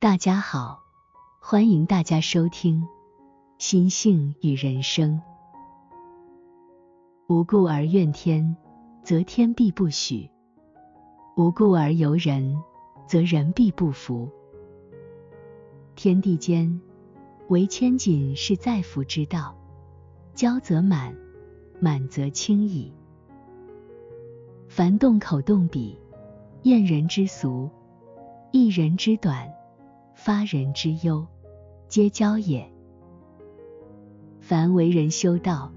大家好，歡迎大家收聽《心性與人生》。無故而怨天，則天必不許；無故而尤人，則人必不服。天地間，唯謙謹是載福之道。驕則滿，滿則傾矣。凡動口、動筆，厭人之俗，議人之短。發人之憂，皆驕也。凡為人修道，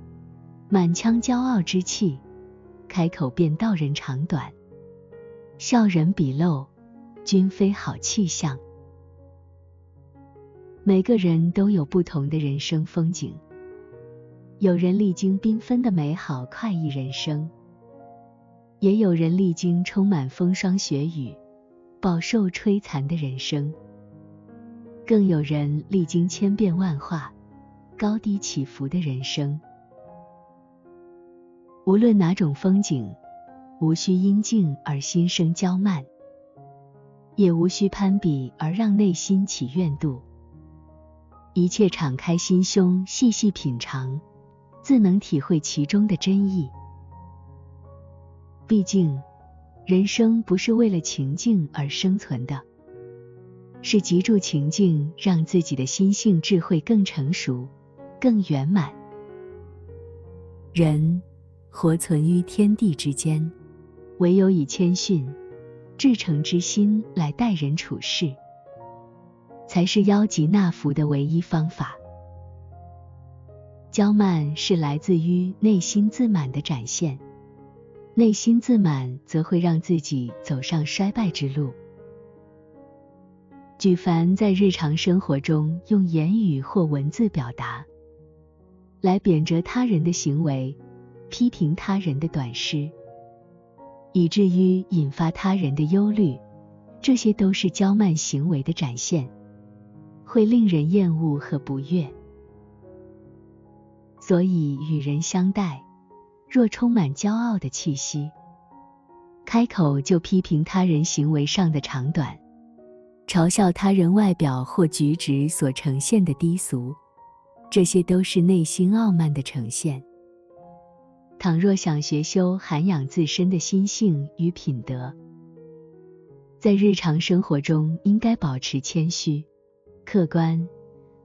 滿腔驕傲之氣，開口便道人長短，笑人鄙陋，均非好氣象。每個人都有不同的人生風景，有人歷經繽紛的美好快意人生，也有人歷經充滿風霜雪雨、飽受摧殘的人生。更有人歷經千變萬化、高低起伏的人生，無論哪種風景，無需因境而心生驕慢，也無需攀比而讓內心起怨妒。一切敞開心胸，細細品嘗，自能體會其中的真意。畢竟，人生不是為了情境而生存的。是藉助情境，讓自己的心性智慧更成熟、更圓滿。人活存於天地之間，唯有以謙遜、至誠之心來待人處事，才是邀吉納福的唯一方法。驕慢是來自於內心自滿的展現，內心自滿則會讓自己走上衰敗之路。舉凡在日常生活中用言語或文字表達，來貶謫他人的行為，批評他人的短失，以至於引發他人的憂慮，這些都是驕慢行為的展現，會令人厭惡和不悅。所以與人相待，若充滿驕傲的氣息，開口就批評他人行為上的長短。嘲笑他人外表或舉止所呈現的低俗，這些都是內心傲慢的呈現。倘若想學修涵養自身的心性與品德，在日常生活中應該保持謙虛、客觀、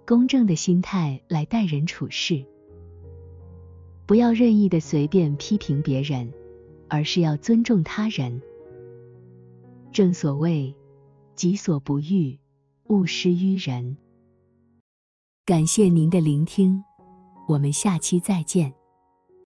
公正的心態來待人處事，不要任意的隨便批評別人，而是要尊重他人。正所謂，己所不欲，勿施於人。感謝您的聆聽，我們下期再見。